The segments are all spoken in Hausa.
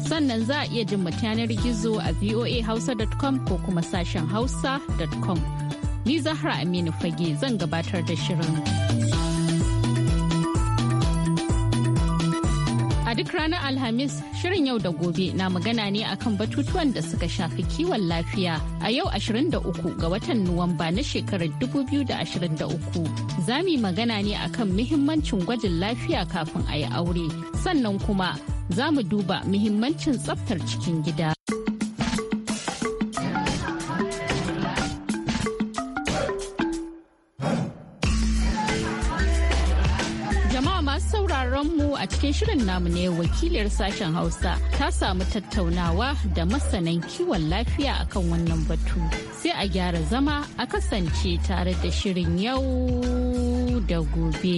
sannan za a iya jin mu yanar gizo a voahausa.com ko kuma sashen hausa.com. Ni Zahra Aminu Fage zan gabatar da shirin. A duk ranar Alhamis, shirin yau da gobe na magana ne akan batutuwan da suka shafi kiwon lafiya a yau 23 ga watan Nuwamba na shekarar 2023. Za mu magana ne akan muhimmancin gwajin lafiya kafin a yi aure, sannan kuma za mu duba muhimmancin tsaftar cikin gida. mu a cikin shirin namu ne wakiliyar sashen hausa ta samu tattaunawa da masanan kiwon lafiya akan wannan batu sai a gyara zama a kasance tare da shirin yau da gobe.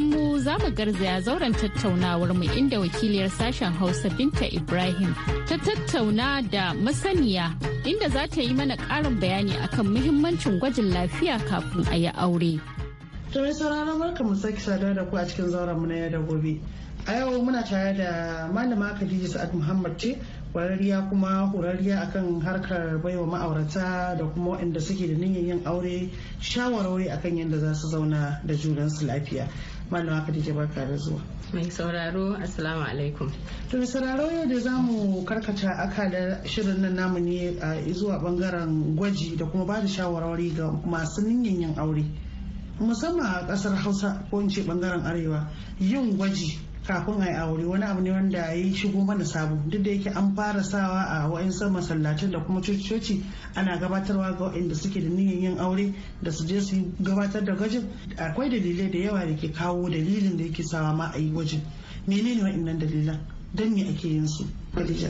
mu za mu garzaya zauren tattaunawar mu inda wakiliyar sashen Hausa Binta Ibrahim ta tattauna da masaniya inda za ta yi mana karin bayani akan muhimmancin gwajin lafiya kafin a yi aure. To mai sauraron barka mu saki sada da ku a cikin zauren mu na yau da gobe. A yau muna tare da malama Khadija Sa'ad Muhammad ce kwararriya kuma horarriya akan harkar baiwa ma'aurata da kuma waɗanda suke da niyyar yin aure shawarwari akan yadda za su zauna da junansu lafiya malama Khadija barka da zuwa mai sauraro assalamu alaikum to sauraro yau da za mu karkata akalar shirin nan namu ne zuwa bangaren gwaji da kuma ba da shawarwari ga masu niyyar yin aure musamman a kasar hausa ko in ce bangaren arewa yin gwaji kafin a yi aure wani abu ne wanda ya yi shigo mana sabo duk da yake an fara sawa a wa'insu masallacin da kuma cococi ana gabatarwa ga wa'inda suke da niyan yin aure da su je su gabatar da gwajin akwai dalilai da yawa da ke kawo dalilin da yake sawa ma a yi gwajin menene nan dalilan don me ake yin su Khadija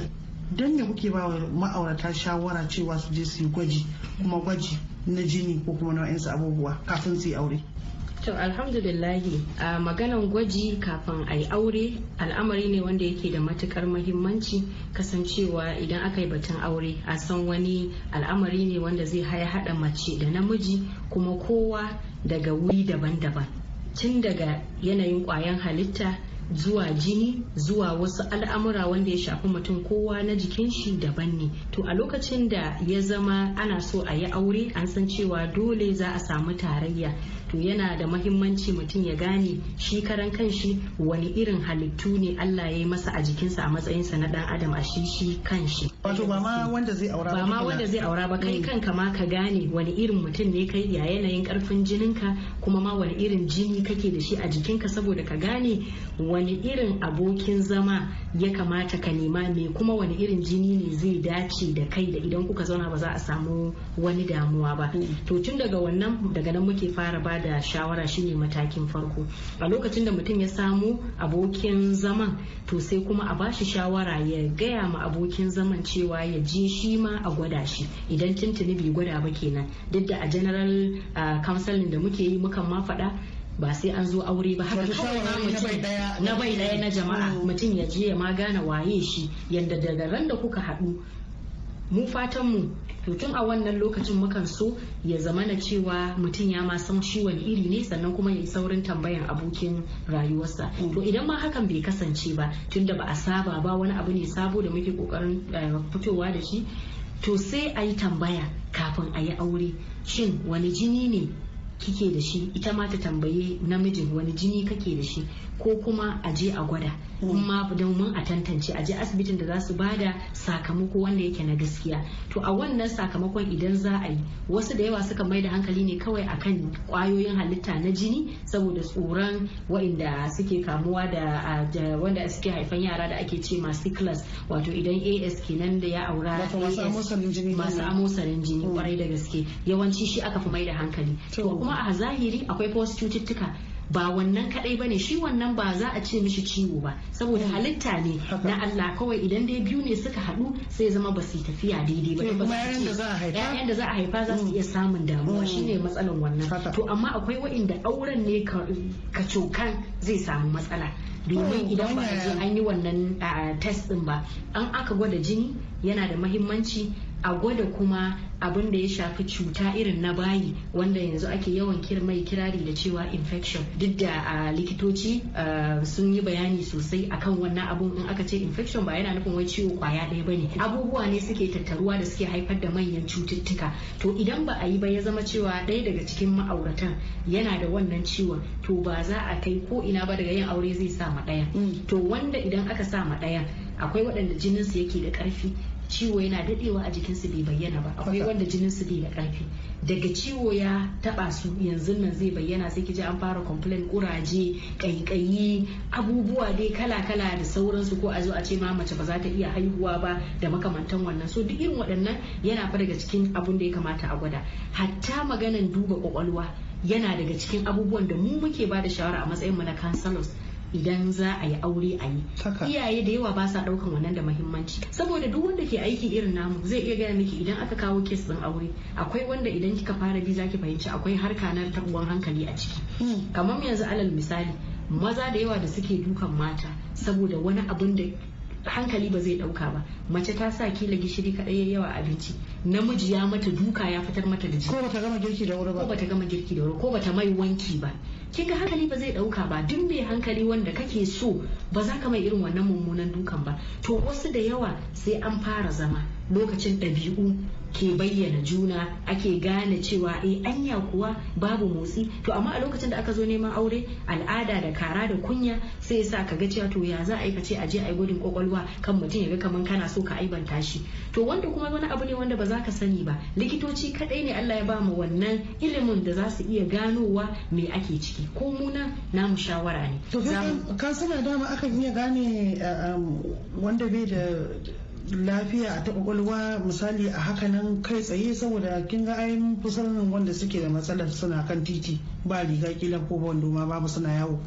don me kuke ba ma'aurata shawara cewa su je su yi gwaji kuma gwaji na jini ko kuma na wa'insu abubuwa kafin su yi aure To alhamdulillahi a maganan gwaji kafin a yi aure al'amari ne wanda yake da matukar mahimmanci kasancewa idan aka yi batun aure a san wani al'amari ne wanda zai haya hada mace da namiji kuma kowa daga wuri daban-daban. Tun daga yanayin kwayan halitta zuwa jini zuwa wasu al'amura wanda ya shafi mutum kowa na jikin shi daban ne to a lokacin da ya zama ana so a yi aure an san cewa dole za a samu tarayya to yana da mahimmanci mutum ya gane shi karan kanshi wani irin halittu ne Allah ya yi masa a jikinsa a matsayinsa na dan adam a shi shi kanshi wato ba ma wanda zai aura ba ma wanda zai aura ba kai kanka ma ka gane wani irin mutum ne kai ya yanayin karfin jininka kuma ma wani irin jini kake da shi a jikinka saboda ka gane wani irin abokin zama ya kamata ka nema me kuma wani irin jini ne zai dace da kai da idan kuka zauna ba za a samu wani damuwa ba mm. to tun daga wannan daga nan muke fara ba da shawara shine matakin farko a lokacin da mutum ya samu abokin zaman to sai kuma a bashi shawara ya gaya ma abokin zaman cewa ya je shi ma a gwada shi idan tuntuni bai gwada ba kenan duk da a general counseling da muke yi mukan ma faɗa ba sai an zo aure ba haka kawai ma na bai daya na jama'a mm. mutum ya je ya ma gane waye shi yadda daga ran da kuka haɗu mu fatan mu to tun a wannan lokacin mukan so ya zama na cewa mutum ya ma san ciwon iri ne sannan kuma ya yi saurin tambayan abokin rayuwarsa to idan ma hakan bai kasance ba tunda ba a saba ba wani abu ne sabo da muke kokarin eh, fitowa da shi to sai a yi tambaya kafin a yi aure shin wani jini ne kike da shi ita ma ta tambaye namijin wani jini kake da shi ko kuma a je a gwada kuma don mun a tantance a je asibitin da za su bada sakamako wanda yake na gaskiya to a wannan sakamakon idan za a yi wasu da yawa suka mai da hankali ne kawai akan kwayoyin halitta na jini saboda tsoron wa'inda suke kamuwa da wanda suke haifan yara da ake ce masu class wato idan as kenan da ya aura masu amosarin jini kwarai mm. da gaske yawanci shi aka fi mai da hankali to kuma a zahiri akwai wasu cututtuka ba wannan kadai bane shi wannan ba za a ce mishi ciwo ba saboda hmm. halitta ne na Allah kawai idan dai biyu ne suka haɗu sai zama ba su tafiya daidai ba hmm, kuma yayin da za a haifa za su hmm. iya samun damuwa shine matsalan wannan to amma akwai waɗanda auren ne ka cokan zai samu matsala domin idan ba a je an yi wannan ah, test din ba an aka gwada jini yana da mahimmanci a gwada kuma abin da ya shafi cuta irin na bayi wanda yanzu ake yawan kira mai kirari da cewa infection duk da a likitoci sun yi bayani sosai akan wannan abun in aka ce infection ba yana nufin wai ciwo kwaya ɗaya ne. abubuwa ne suke tattaruwa da suke haifar da manyan cututtuka to idan ba a yi ba ya zama cewa ɗaya daga cikin ma'auratan yana da wannan ciwon to ba za a kai ko ina ba daga yin aure zai sa ma ɗaya mm. to wanda idan aka sa ma ɗaya akwai waɗanda su yake da ƙarfi ciwo yana dadewa a jikinsu bai bayyana ba akwai wanda jinin su bai da karfi daga ciwo ya taba su yanzu nan zai bayyana sai kiji an fara complain kuraje kaikayi abubuwa dai kala kala da sauransu ko a zo a ce ma mace ba za ta iya haihuwa ba da makamantan wannan so duk irin waɗannan yana fa daga cikin abun da ya kamata a gwada hatta maganan duba kwakwalwa yana daga cikin abubuwan da mu muke ba da shawara a matsayin mu na counselors idan za a yi aure a yi iyaye da yawa ba sa daukan wannan da muhimmanci saboda duk wanda ke aiki irin namu zai iya gaya miki idan aka kawo kes din aure akwai wanda idan kika fara bi zaki fahimci akwai harka na tabuwan hankali a ciki hmm. kamar yanzu alal misali maza da yawa da suke dukan mata saboda wani abun da hankali ba zai dauka ba mace ta sa kila gishiri kadai ya yawa abinci namiji ya mata duka ya fitar mata da jiki ko bata gama girki da wuri ba ko bata gama girki da wuri ko bata mai wanki ba kin ga hankali ba zai dauka ba duk mai hankali wanda kake so ba za ka mai irin wannan mummunan dukan ba to wasu da yawa sai an fara zama lokacin ɗabi'u ke bayyana juna ake gane cewa eh anya kuwa babu motsi to amma a lokacin da aka zo neman aure al'ada da kara da kunya sai ya sa ka ga cewa to ya za a yi ka ce a je a yi gudun kwakwalwa kan mutum ya ga kaman kana so ka aibanta shi to wanda kuma wani abu ne wanda ba za ka sani ba likitoci kadai ne Allah ya ba mu wannan ilimin da za su iya ganowa me ake ciki ko mu na namu shawara ne to kan suna dama aka iya gane eh, um, wanda bai da lafiya a ta kwakwalwa misali a haka nan kai tsaye saboda kin ga ayin fusarin wanda suke da matsalar suna kan titi ba riga kila ko wando ma babu suna yawo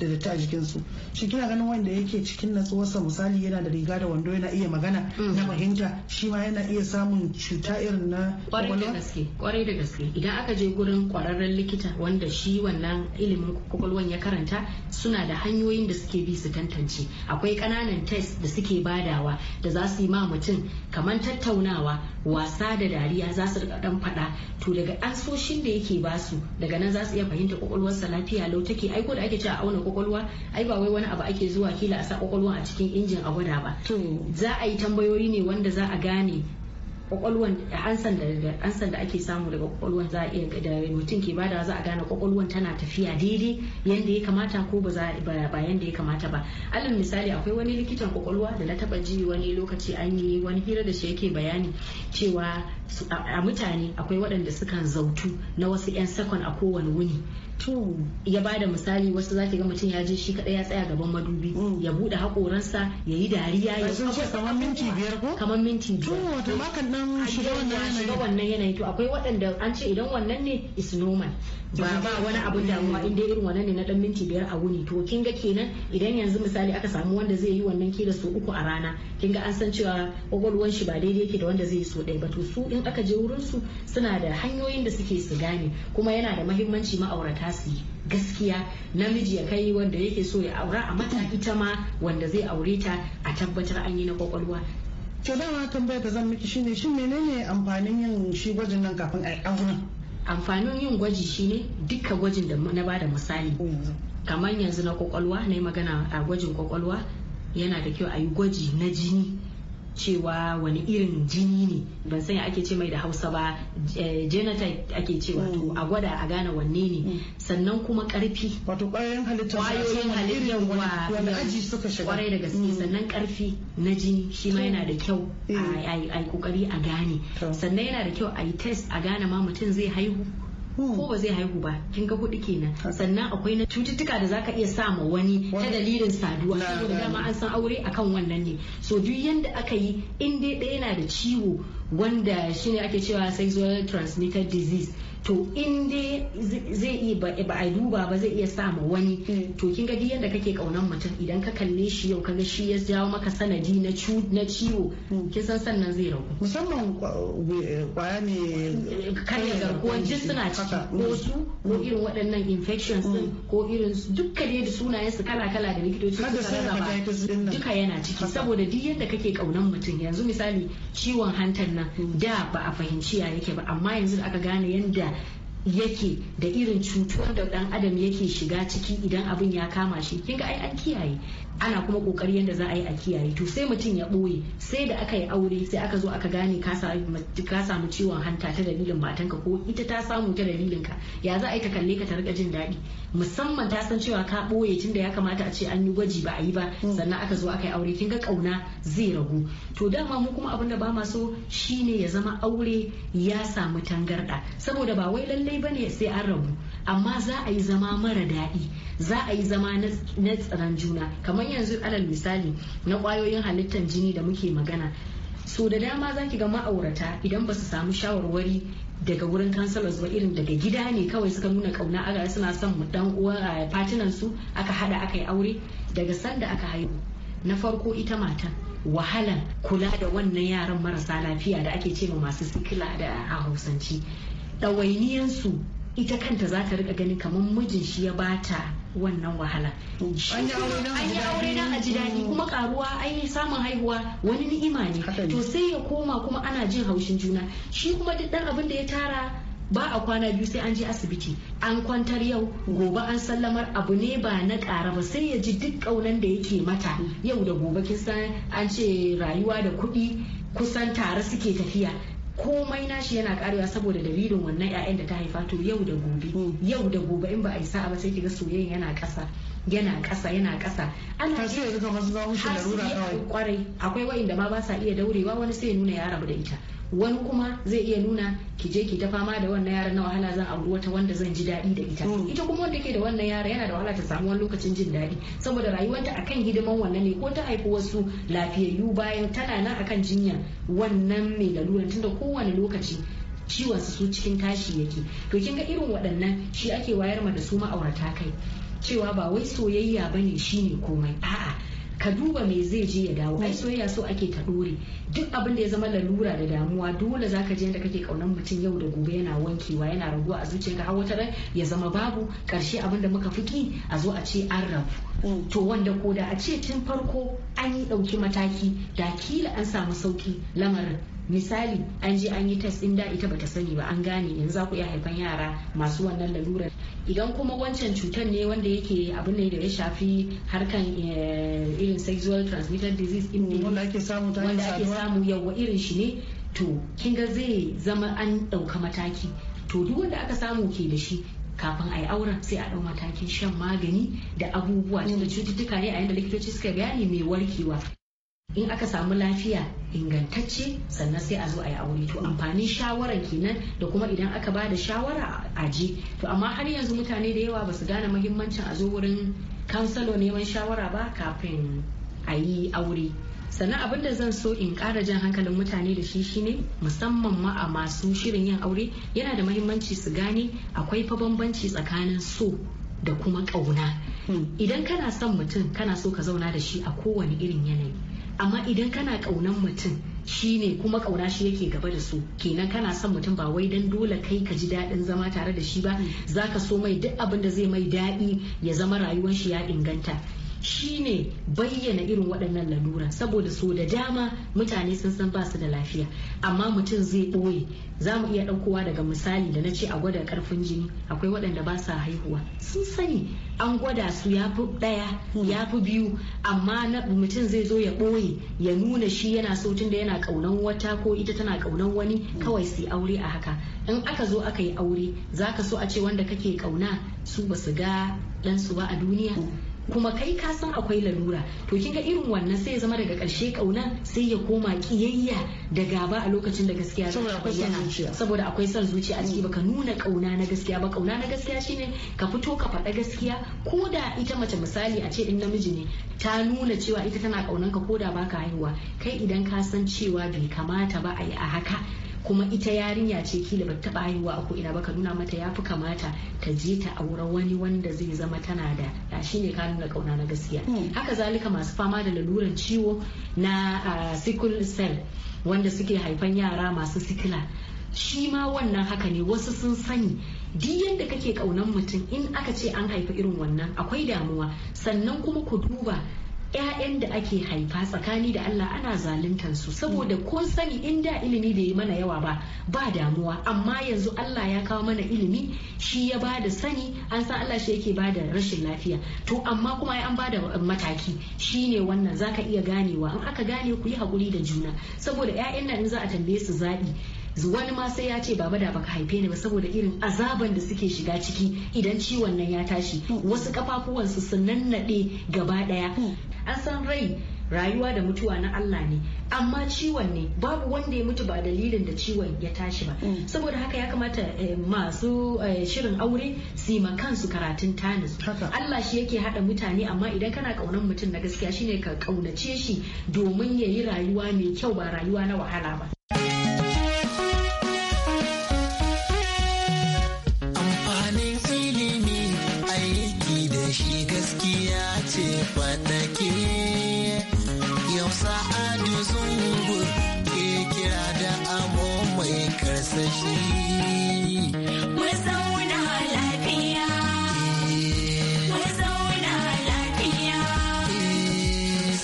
da datti a jikinsu shi kina ganin wanda yake cikin natsuwarsa misali yana da riga da wando yana iya magana mm. na fahimta shi ma yana iya samun cuta irin na kwarai da gaske idan aka je gurin kwararren likita wanda shi wannan ilimin kwakwalwan ya karanta suna da hanyoyin da suke bi su tantance akwai kananan test da suke badawa da za su yi ma mutum kamar tattaunawa wasa da dariya za su dan faɗa to daga ansoshin da yake basu daga nan za su iya fahimta kwakwalwarsa lafiya lau take aiko da ake cewa auna kwakwalwa ai ba wai wani abu ake zuwa kila a sa kwakwalwa a cikin injin a gwada ba za a yi tambayoyi ne wanda za a gane kwakwalwan san da ake samu daga kwakwalwan za a iya da mutum ke bada za a gane kwakwalwan tana tafiya daidai yadda ya kamata ko ba yadda ya kamata ba alal misali akwai wani likitan kwakwalwa da na taba ji wani lokaci an yi wani hira da shi yake bayani cewa a mutane akwai waɗanda sukan zautu na wasu 'yan sakon a kowane wuni to ya bada misali wasu zaki ga mutum ya je shi kadai ya tsaya gaban madubi mm. ya bude hakoransa ya yi dariya ya sun ce kamar minti biyar ko kamar minti biyar to to makan shiga wannan yanayi to akwai waɗanda an ce idan wannan ne is normal ba ba wani abun damuwa mm. in dai irin wannan ne na dan minti biyar a wuni to kin ga kenan idan yanzu misali aka samu wanda zai yi wannan kila so uku a rana kin ga an san cewa kwakwalwan shi ba daidai yake da wanda zai yi so ɗaya ba to su in aka je wurin su suna da hanyoyin da suke su gane kuma yana da mahimmanci ma'aurata ikhlasi gaskiya namiji ya kai wanda yake so ya aura a mata ita ma wanda zai aure ta a tabbatar an yi na kwakwalwa to dama tambayar da zan miki shine shin menene amfanin yin shi gwajin nan kafin a auren amfanin yin gwaji shine dukkan gwajin da na bada misali mm. kamar yanzu na kwakwalwa na yi magana a gwajin kwakwalwa yana da kyau a yi gwaji na jini cewa wani irin jini ne ban sanya ake ce mai da hausa ba eh, genotype ake cewa to a gwada a gane wanne ne mm. sannan kuma karfi wato kwayoyin halitta kwayoyin halitta wani aji suka shiga kwarai da gaske mm. sannan karfi na jini shi ma yana da kyau mm. a yi kokari a gane sannan yana da kyau a yi test a gane ma mutum zai haihu Hmm. ko ba zai haihu ba kin ga kuɗi kenan sannan akwai na cututtuka da zaka iya sa ma wani ta dalilin saduwa saboda dama an san aure akan wannan ne so duk yanda aka yi in dai ɗaya yana da ciwo wanda shine ake cewa sexual transmitted disease to in dai zai iya ba a duba ba zai iya sa wani hmm. to kin ga yadda kake kaunan mutum idan ka kalle shi yau kaga shi ya jawo maka sanadi na ciwo hmm. kin san sannan zai rauku musamman kwaya ne karya garkuwar ji suna ciki ko su ko irin waɗannan infections din hmm. ko irin dukkan da sunayen su kala kala da likitoci su ba duka yana ciki saboda duk yadda kake kaunan mutum yanzu misali ciwon hantar nan da ba a fahimci ya yake ba amma yanzu aka gane yadda yake da irin cutuwar da dan adam yake shiga ciki idan abin ya kama shi kinga ai an kiyaye ana kuma kokari yadda za a yi a kiyaye to sai mutum ya ɓoye sai da aka yi aure sai aka zo aka gane ka samu ciwon hanta ta dalilin matanka ko ita ta samu ta dalilin ka ya za a yi ta kalle ka ta rika jin daɗi musamman ta san cewa ka ɓoye tunda ya kamata a ce an yi gwaji ba a yi ba mm. sannan aka zo aka yi aure kin ga kauna zai ragu to dama mu kuma abin da ba ma so shine ya zama aure ya samu tangarɗa saboda ba wai lallai bane sai an rabu amma za a yi zama mara daɗi za a yi zama na tsaron juna kamar yanzu alal misali na ƙwayoyin halittar jini da muke magana so da dama za ki ga ma'aurata idan ba su samu shawarwari daga wurin kansalas ba irin daga gida ne kawai suka nuna kauna aga suna son mu dan uwa patinan su aka hada aka yi aure daga sanda aka haihu na farko ita matan wahalan kula da wannan yaran marasa lafiya da ake ce ma masu sikila da a hausance ɗawainiyansu ita kanta za ta rika ganin kamar mijin shi ya bata wannan wahala. An yi aure don a ji daɗi mm. kuma karuwa ai samun haihuwa wani ni'ima ne. To sai ya koma kuma ana jin haushin juna. Shi kuma duk ɗan abin da ya tara ba a kwana biyu sai an je asibiti an kwantar yau gobe an sallamar abu ne ba na ƙara ba sai ya ji duk ƙaunan da yake mata yau da gobe kin san an ce rayuwa da kuɗi kusan tare suke tafiya komai nashi yana karewa saboda dalilin wannan 'ya'yan da ta haifa to yau da gobe mm. yau da gobe in ba a yi sa'a ba sai kiga soyayyen yana ƙasa yana kasa yana ƙasa ana ce yanzu su kwarai akwai wa'inda ma ba sa iya daurewa wani sai ya nuna ya rabu da ita wani kuma zai iya nuna ki je ki ta fama da wannan yara na wahala zan auri wata wanda zan ji daɗi da ita mm. ita kuma wanda ke da wannan yara yana da wahala ta samu wani lokacin jin daɗi saboda rayuwarta akan hidiman wannan ne ko ta haifi wasu lafiyayyu bayan tana nan akan jinya wannan mai laluran tunda kowane lokaci ciwon su cikin tashi yake to kin ga irin waɗannan shi ake wayar ma da su ma'aurata kai cewa ba wai soyayya bane shine komai a'a ka duba me zai je ya dawo ai soyayya so ake ta dore duk abin da ya zama lalura da damuwa dole zaka je yadda kake kaunar mutum yau da gobe yana wankewa yana raguwa a zuciyarka har wata ran ya zama babu karshe abin da muka fiki a zo a ce an rabu mm. to wanda ko da a ce tun farko an yi dauki mataki da kila an samu sauki lamarin misali an je an yi test in da ita bata sani ba an gane yanzu za ku iya haifan yara masu wannan lalurar idan kuma wancan cutar ne wanda yake abin ne da ya shafi harkan eh, irin sexual transmitted disease din wanda ake samu wanda ake samu yawa irin shi ne to ga zai zama an ɗauka mataki to duk wanda aka samu ke da shi kafin a yi auren sai a dau matakin shan magani da abubuwa da cututtuka ne a yadda likitoci suka bayani mai warkewa in aka samu lafiya ingantacce sannan sai a zo a yi aure to amfanin shawara kenan da kuma idan aka ba da shawara a je to amma har yanzu mutane da yawa ba su gane mahimmancin a zo wurin kansalo neman shawara ba kafin a yi aure sannan abin da zan so in kara jan hankalin mutane da shi shine musamman ma a masu shirin yin aure yana da mahimmanci su gane akwai fa bambanci tsakanin so da kuma ƙauna hmm. idan kana son mutum kana so ka zauna da shi a kowane irin yanayi amma idan kana ƙaunan mutum shi ne kuma ƙauna shi yake gaba da su kenan kana son mutum ba wai dan dole kai ka ji daɗin zama tare da shi ba mm. zaka so mai duk abin da zai mai daɗi ya zama rayuwar shi ya inganta shine bayyana irin waɗannan lalura saboda so da dama mutane sun san basu da lafiya amma mutum zai ɓoye za mu iya ɗaukowa daga misali da na ce a gwada ƙarfin jini akwai waɗanda ba sa haihuwa sun sani an gwada su ya fi ɗaya ya fi biyu amma mutum zai zo ya ɓoye ya nuna shi yana so tunda yana ƙaunar wata ko ita tana ƙaunar wani kawai su aure a haka in aka zo aka yi aure za ka so a ce wanda kake ƙauna su ba su ga ɗansu ba a duniya kuma kai ka san akwai larura to kin ga irin wannan sai ya zama daga karshe kauna sai ya koma kiyayya da gaba a lokacin da gaskiya ta saboda akwai son zuciya a ciki baka nuna kauna na gaskiya ba kauna na gaskiya shine ka fito ka faɗa gaskiya ko da ita mace misali a ce in namiji ne ta nuna cewa ita tana kaunanka ko da baka haihuwa kai idan ka san cewa bai kamata ba a yi a haka kuma ita yarinya ce kila ba taɓa haihuwa a ko'ina ba ka nuna mata ya fi kamata ta je ta aura wani wanda zai zama tana da ya shi ne ka nuna kauna na gaskiya hmm. haka zalika masu fama da laluran ciwo na sickle cell wanda suke haifan yara masu sikila shi ma wannan haka ne wasu sun sani duk yadda kake kaunan mutum in aka ce an haifi irin wannan akwai damuwa sannan kuma ku duba 'ya'yan da ake haifa tsakani da Allah ana zaluntar su saboda kun sani in da ilimi da yi mana yawa ba ba damuwa amma yanzu Allah ya kawo mana ilimi shi ya ba da sani an san Allah shi yake ba da rashin lafiya to amma kuma an ba da mataki shi ne wannan zaka iya ganewa in aka gane ku yi hakuri da juna saboda 'ya'yan nan in za a tambaye su zaɓi wani ma sai ya ce baba da baka haife ni ba saboda irin azaban da suke shiga ciki idan ciwon nan ya tashi wasu kafafuwan su su nannade gaba daya an san rai rayuwa da mutuwa na Allah ne amma ciwon ne babu wanda ya mutu ba dalilin da ciwon ya tashi ba mm. saboda haka ya kamata eh, masu eh, shirin aure su ma kansu karatun tanis Allah shi yake hada mutane amma idan kana kaunar mutum na gaskiya shine ka kaunace shi domin ya yi rayuwa mai kyau ba rayuwa na wahala ba mai lafiya.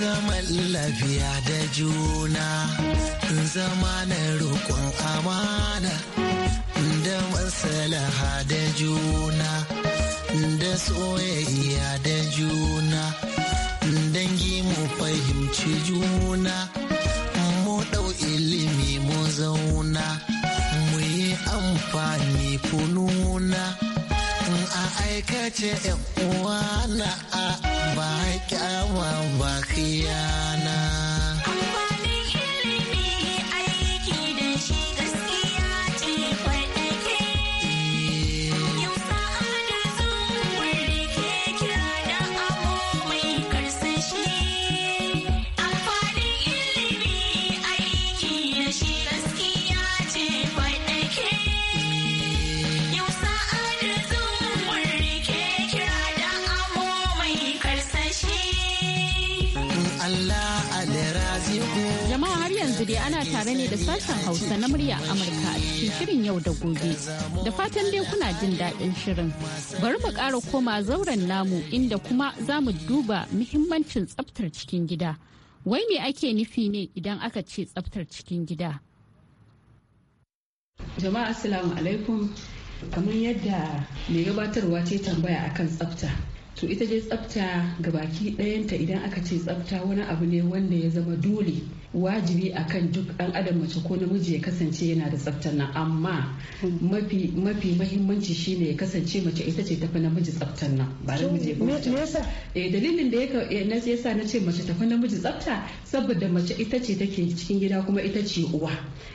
Zaman lafiya da juna. Zama na roƙon amana. Da masalaha da juna. Da soyayya da juna. Dangi mu fahimci juna. Mu ɗau ilimi. zauna mu yi amfani kununa in a aikace uwa na a ba kyawa ba khiyana. da sashen Hausa na murya Amurka a cikin shirin yau da gobe. Da fatan dai kuna jin daɗin shirin. Bari mu ƙara koma zauren namu inda kuma za mu duba muhimmancin tsaftar cikin gida. Wai me ake nufi ne idan aka ce tsaftar cikin gida? Jama'a Assalamu alaikum. Kamar yadda mai gabatarwa ce tambaya akan tsafta. to ita je tsafta ga baki ɗayanta idan aka ce tsafta wani abu ne wanda ya zama dole wajibi akan duk ɗan adam mace ko namiji ya kasance yana da tsaftar nan amma mafi mafi mahimmanci shine ya kasance mace ita ce tafi namiji tsaftar nan ba namiji ya eh, dalilin da ya eh, yasa na ce mace tafi namiji tsafta saboda mace ita ce take cikin gida kuma ita ce uwa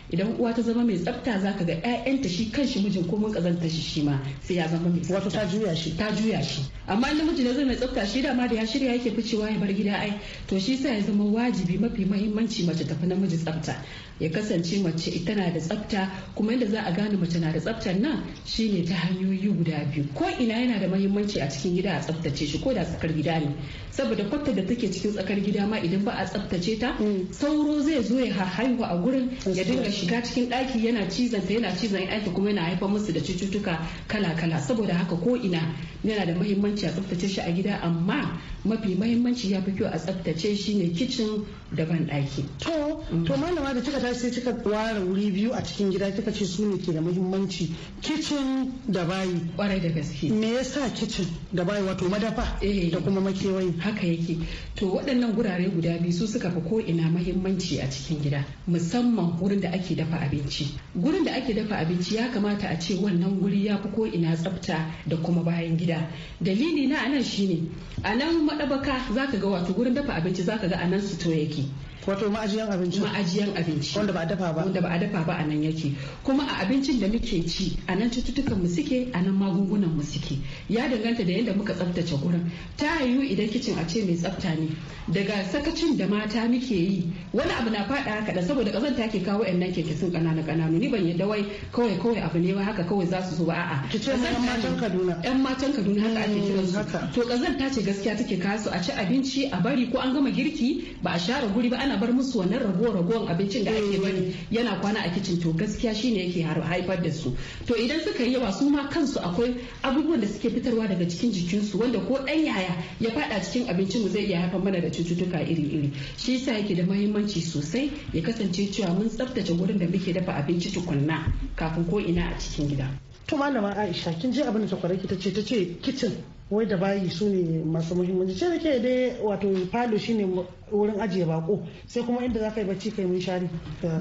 idan uwa ta zama mai tsafta zaka ga ya'yanta shi kanshi mijin ko mun kazanta shi shi ma sai ya zama mai wato ta juya shi ta juya shi amma namiji ya zama mai tsafta shi da ma da ya shirya yake ficewa ya bar gida ai to shi sai ya zama wajibi mafi muhimmanci mace tafi namiji tsafta ya kasance mace tana da tsafta kuma yadda za a gane mace na da tsaftar nan shine ta hanyoyi guda biyu ko ina yana da mahimmanci a cikin gida a tsaftace shi ko da tsakar gida ne saboda kwatta da take cikin tsakar gida ma idan ba a tsaftace ta mm. sauro zai zo ya haihu a gurin ya dinga shiga cikin ɗaki yana cizon ta yana cizon aiki kuma yana haifar musu da cututtuka kala-kala saboda haka ko ina yana da mahimmanci a tsaftace shi a gida amma mafi mahimmanci ya fi kyau a tsaftace shi ne kicin da ban daki to to malama da kika tashi sai kika ware wuri biyu a cikin gida kika ce su ne ke da muhimmanci kitchen da bayi kwarai da gaske me yasa kitchen da bayi wato madafa eh. da kuma makewayi haka yake to waɗannan gurare guda biyu su suka fi ko ina muhimmanci a cikin gida musamman wurin da ake dafa abinci gurin da ake dafa abinci ya kamata a ce wannan guri ya fi ko ina tsafta da kuma bayan gida dalili na anan shine a nan madabaka zaka ga wato gurin dafa abinci zaka ga anan su to yake aqui. wato ma'ajiyan abinci ma'ajiyan abinci wanda ba a dafa ba wanda ba a dafa ba a nan yake kuma a abincin da muke ci a nan cututtukan mu suke a nan magungunan mu suke ya danganta da yadda muka tsaftace gurin ta yiwu idan kicin a ce mai tsafta ne daga sakacin da mata muke yi wani abu na faɗa haka da saboda ta ke kawo yan nan keke sun kanana kananu ni ban yadda wai kawai kawai abu ne wai haka kawai za su zo ba a'a ki ce yan matan Kaduna yan matan Kaduna haka ake kiran su mm, to ta ce gaskiya take kasu a ci abinci a bari ko an gama girki ba a share guri ba ana bar musu wannan rago ragon abincin da ake bari mm. yana kwana a kicin to gaskiya shine yake haifar da su to idan suka yi yawa su ma kansu akwai abubuwan da suke fitarwa daga cikin jikinsu wanda ko dan yaya ya faɗa cikin abincin mu zai iya haifar mana da cututtuka iri-iri shi yasa yake da mahimmanci sosai ya kasance cewa mun tsaftace wurin da muke dafa abinci tukunna kafin ko ina a cikin gida to malama Aisha kin je abin da ta ce ta ce kitchen wai da bayi su ne masu muhimmanci ce da ke dai wato falo ne wurin ajiye bako sai kuma inda za ka yi bacci kai mun shari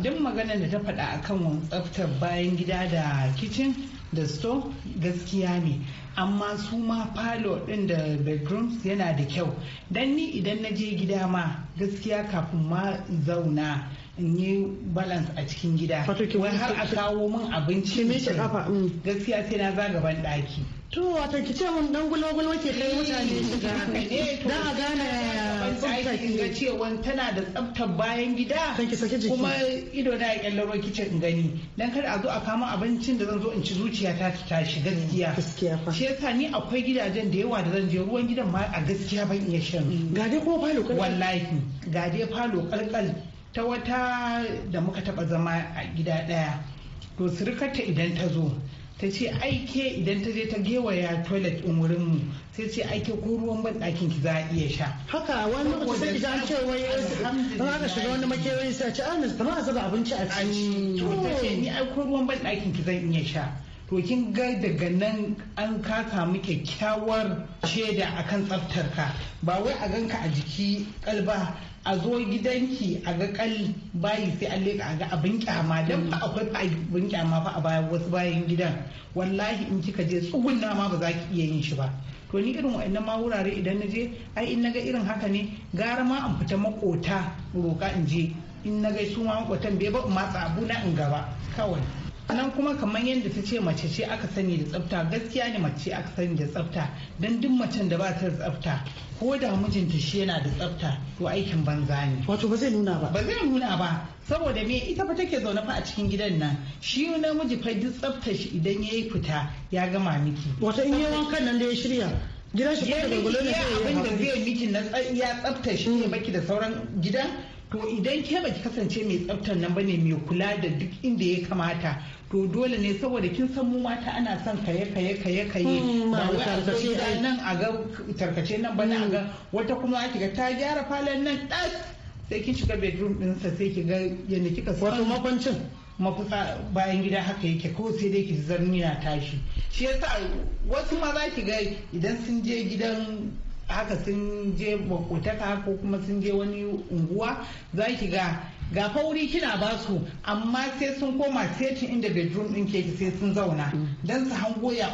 duk maganar da ta faɗa akan tsaftar bayan gida da kicin da store gaskiya ne amma su ma falo ɗin da bedrooms yana da kyau dan ni idan na je gida ma gaskiya kafin ma zauna in yi balance a cikin gida wai har a kawo min abinci mm. gaskiya sai na zagaban ɗaki To wata ki mun dan gulo-gulo ke kai mutane shiga da eh, a gane aikin ga cewa tana da tsaftar bayan gida kuma ido na ya kyallaro in gani dan kada a zo a kama abincin da zan zo in ci zuciya ta ta shi gaskiya mm, shi yasa ni akwai gidajen da yawa da zan je ruwan gidan ma a gaskiya ban iya shan mm, ga dai ko falo kalkal wallahi ga dai falo kalkal ta wata da muka taba zama a gida daya to sirikarta idan ta zo ta ce aike idan ta je ta gewaya toilet din wurin mu sai ce aike ko ruwan ban ɗakin ki za a iya sha haka wani lokaci sai idan ce wai za ka shiga wani makewayi sai a ce ana sa a zaba abinci a ci to ta ce ni aiko ruwan ban ɗakin ki zan iya sha to kin ga daga nan an ka samu kyakkyawar shaida akan tsaftar ka ba wai a ganka a jiki kalba a zo gidanki a ga kal bayi sai an leka a ga abin kyama dan fa akwai abin kyama fa a bayan wasu bayan gidan wallahi in kika je tsugunna ma ba za ki iya yin shi ba to ni irin wa'annan ma wurare idan na je ai in naga irin haka ne gara ma an fita makota roka in je in naga su ma makotan bai ba matsa abu na in gaba kawai nan kuma kamar yadda ta ce mace ce aka sani da tsafta gaskiya ne mace aka sani da tsafta don duk macen da ba ta da tsafta ko da mijinta shi yana da tsafta to aikin banza ne wato ba zai nuna ba ba zai nuna ba saboda me ita fa take zaune fa a cikin gidan nan shi miji fa duk tsafta shi idan yi fita ya gama miki wato in yi wankan nan da ya shirya gidan shi kuma gulgulo ne abin da zai miki na ya tsafta shi ne baki da sauran gidan to idan ke baki kasance mai tsaftar nan bane mai kula da duk inda ya kamata to dole ne saboda kin san mu mata ana son kaye kaye kaye kaye hmm, ba wai a so nan a ga tarkace nan ba a ga hmm. wata kuma a ga ta gyara falon nan ɗas sai kin shiga bedroom sa sai ki ga yadda kika san wato makwancin mafusa bayan gida haka yake ko sai dai ki zarni na tashi shi yasa wasu ma za ki ga idan sun je gidan haka sun je makotaka ko kuma sun je wani unguwa za ki ga ga fauri kina ba su amma sai sun koma setin inda bedroom din ke sai sun zauna mm. don su hango ya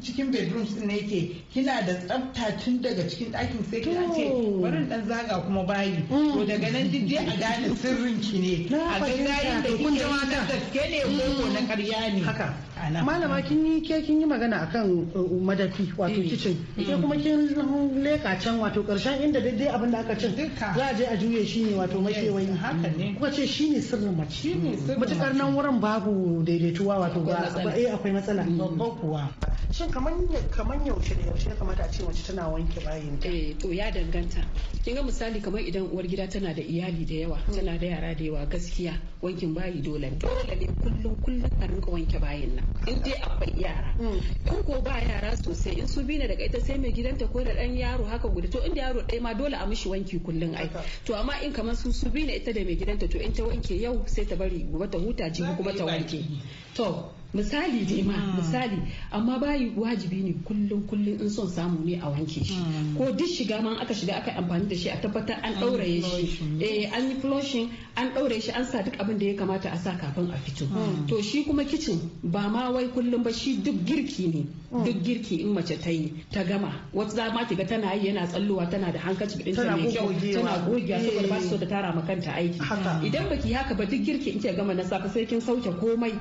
cikin bedroom din ne yake kina da tsafta tun daga cikin ɗakin sai kina ce bari dan zaga kuma bayi mm. to daga nan duk a gane sirrin ki ne a ga gayin da jama na gaske ne ko na ƙarya ne haka malama kin yi ke kin yi magana akan uh, madafi wato eh. kitchen ke mm. kuma kin leka can wato karshen inda daidai abin da aka cin za a je a juye shi ne wato wani kuka ce shi ne sirrin mace matukar nan wurin babu daidaituwa wato ba eh, akwai matsala shin kaman yaushe da yaushe ya kamata a ce mace tana wanke bayin ta eh to ya danganta kin ga misali kamar idan uwar gida tana da iyali da yawa hmm. tana da yara da yawa gaskiya wankin bayi dole dole ne kullum kullum a rinka wanke bayin nan in dai akwai yara hmm. in ko ba yara sosai in su bina da daga ita sai mai gidanta ko da dan yaro haka guda to inda yaro ɗaya ma dole a mishi wanki kullum ai to amma in kamar su su ita da mai gidanta to in ta wanke yau sai ta bari gobe ta huta jibi kuma ta wanke to misali dai ma ah. misali amma bayi wajibi ne kullum kullum in son samu ne a wanke shi hmm. ko duk shiga ma aka shiga aka amfani da shi a tabbatar an ɗauraye shi eh an yi flushing an ɗaure shi an sa duk abin da ya kamata a sa kafin a fito hmm. to shi kuma kicin ba ma wai kullum ba shi duk girki ne hmm. duk girki in mace ta yi ta gama wata za ma ga tana yi yana tsallowa tana da hankaci din ta mai kyau tana gogewa saboda ba su so ta eh. tara ma kanta aiki idan baki haka ba duk girki in ke gama na safe sai kin sauke komai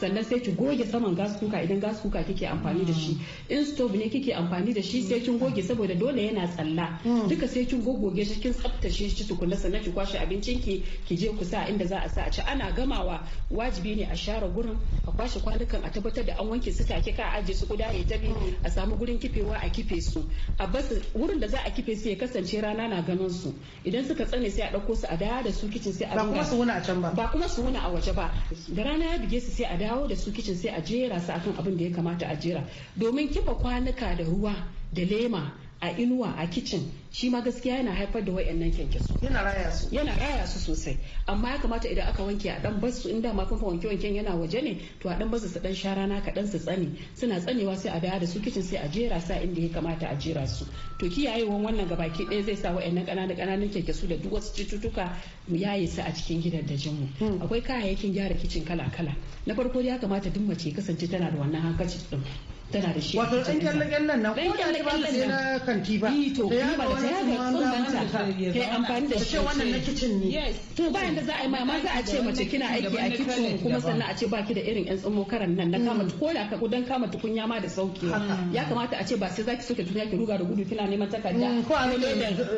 sannan sai ki goge saman gas kuka idan gas kuka kike amfani da shi mm. in stove ne kike amfani da shi sai kin goge saboda dole yana tsalla mm. duka sai kin goggoge shi kin tsaftace shi tukunna sannan ki kwashe abincin ki ki je ku sa inda za a sa a ci ana gamawa wajibi ne a share gurin a kwashe kwanukan a tabbatar da an wanke su take ka aje su kuda ya tabi mm. a samu gurin kifewa a kife su a bas wurin da za a kife su ya kasance rana na ganin su idan suka tsane sai a dauko su a da da su kicin sai a ba kuma su wuna a can ba ba kuma su wuna a waje ba da rana ya bige su sai a da dawo da su kicin sai a jera su akan abin da ya kamata a jera domin kifa kwanuka da ruwa da lema a inuwa a kicin shi ma gaskiya yana haifar da wayannan kyankyaso yana raya su yana raya su sosai amma ya kamata idan aka wanke a dan basu in da ma wanke wanken yana waje ne to a dan basu su dan shara na ka dan su tsane suna tsanewa sai a dawo da su kicin sai a jera sa inda ya kamata a jera su to kiyayewan wannan gabaki ɗaya zai sa wayannan ƙananan ƙananan kyankyaso da duk wasu cututtuka mu yaye su a cikin gidan da mu hmm. akwai kayayyakin gyara kicin kala kala na farko ya kamata duk mace kasance tana da wannan hankacin din tana da shi wato ɗan kyalle kyallen nan ko da ba sai na kanti ba yi to kuma ba ta yaga tsumbanta kai amfani da shi wannan na kitchen ne to ba yanda za a yi ma ma za a ce mace kina aiki a kitchen kuma sannan a ce ba ki da irin yan tsumo karan nan na mm. kama ko da ka gudan kama tukunya ma da sauki ya kamata a ce ba sai zaki soke tukunya ki ruga da gudu kina neman takarda mm, ko a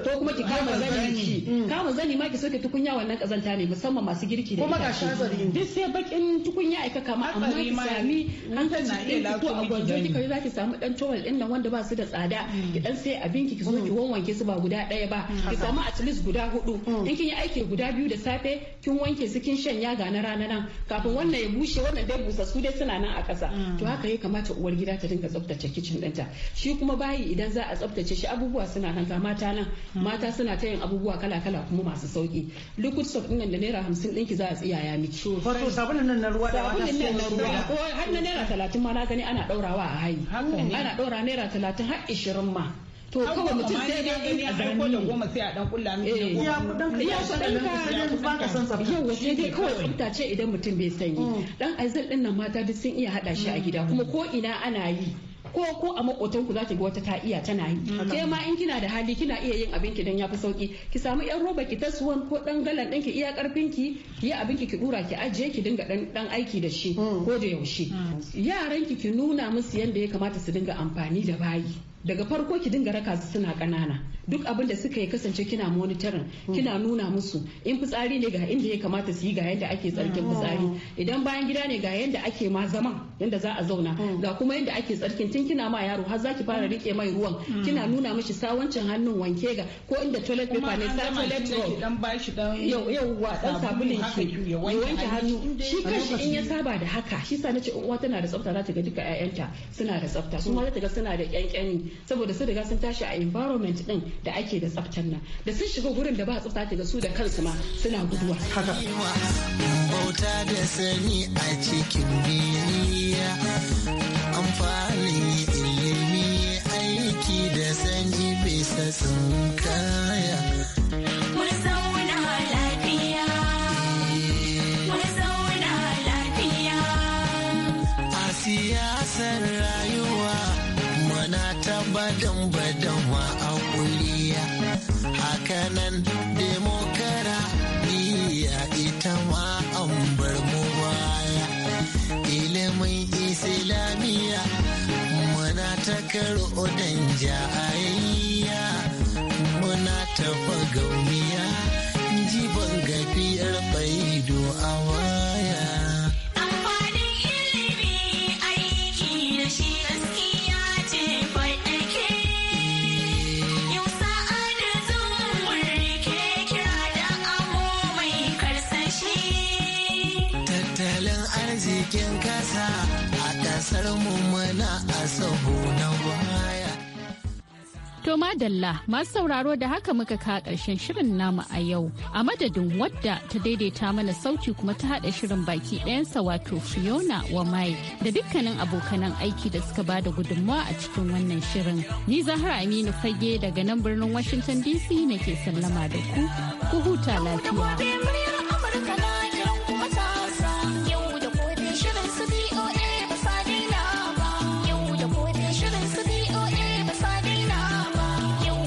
to kuma ki kama zani ki mm. kama zani ma ki soke tukunya wannan kazanta ne musamman masu girki da kuma ga shazari duk sai bakin tukunya aika kama amma ki sami hankali ko a gwanjon kika yi zaki samu dan towel din nan wanda ba su da tsada ki dan sai abinki ki zo ki wanwanke su ba guda daya ba mm. ki samu at least guda hudu mm. in kin yi aiki guda biyu da safe kin wanke su kin shanya ga na rana nan kafin wannan ya bushe wannan dai busa su dai suna nan a kasa mm. to haka ya kamata uwar gida ta dinga tsaftace kicin dinta shi kuma bayi idan za a tsaftace shi abubuwa suna nan ga mata nan mata suna ta yin abubuwa kala kala kuma masu sauki liquid soap din nan da naira 50 ki za a tsiyaya miki to sabulun nan na ruwa da sabulun nan na ruwa har na naira 30 ma na gani ana daurawa hayi ana ɗora naira talatin har ishirin ma to kawai mutum sai dai in a dan kula goma sai a dan kulla miki eh, ya kudin ka ya dan ka ba ka san sabbi yau wace dai kawai tsafta ce idan mutum bai sanyi mm. dan aizal din nan mata duk sun iya hada shi a mm. gida kuma ko ina ana yi ko ko a makotan ku zaki ga wata ta iya tana yi ke ma in kina da hali kina iya yin abin ki dan yafi sauki ki samu yan roba ki tasuwan ko dan galan ki iya karfin ki yi abin ki ki dura ki ajiye ki dinga dan aiki da shi mm. ko da yaushe mm. yaran ki ki nuna musu yanda ya kamata su dinga amfani da bayi daga farko ki dinga raka su suna kanana duk abin da suka yi kasance kina monitoring hmm. kina nuna musu in fitsari ne ga inda ya kamata su yi ga yadda ake tsarkin hmm. fitsari idan bayan gida ne ga yadda ake ma zama yadda za a zauna hmm. ga kuma yadda ake tsarkin tun kina ma yaro har za ki fara rike mai ruwan kina nuna mishi sawancin hannun wanke ga ko inda toilet paper ne sa toilet roll dan shi dan yau yau wa dan sabulin ki ya wanke hannu shi kanshi in ya saba da haka shi sa nace uwa tana da tsafta za ta ga duka ƴaƴanta suna da tsafta su ma za ta ga suna da kyankyani saboda sun riga sun tashi a environment din da ake da tsaftar nan da sun shiga gurin da ba tsafta ke da su da kansu ma suna guduwa bauta da sani a cikin biniya amfani ilimi aiki da sanji bisa sun kaya ido a waya. Amfanin ilimi aiki da shi gaskiya ce faɗake. Yau sa'a da zuwan wurke kira da amo mai karsashi. Tattalin arzikin ƙasa, a ƙasar mu muna a sahu na ba. To madalla masu sauraro da haka muka ka ƙarshen shirin namu a yau a madadin wadda ta daidaita mana sauti kuma ta haɗa shirin baki ɗayansa wato Fiona wa Mai da dukkanin abokanan aiki da suka bada gudunmawa a cikin wannan shirin. Ni Zahra Aminu Fage daga nan birnin Washington DC nake sallama da ku, ku huta lafiya.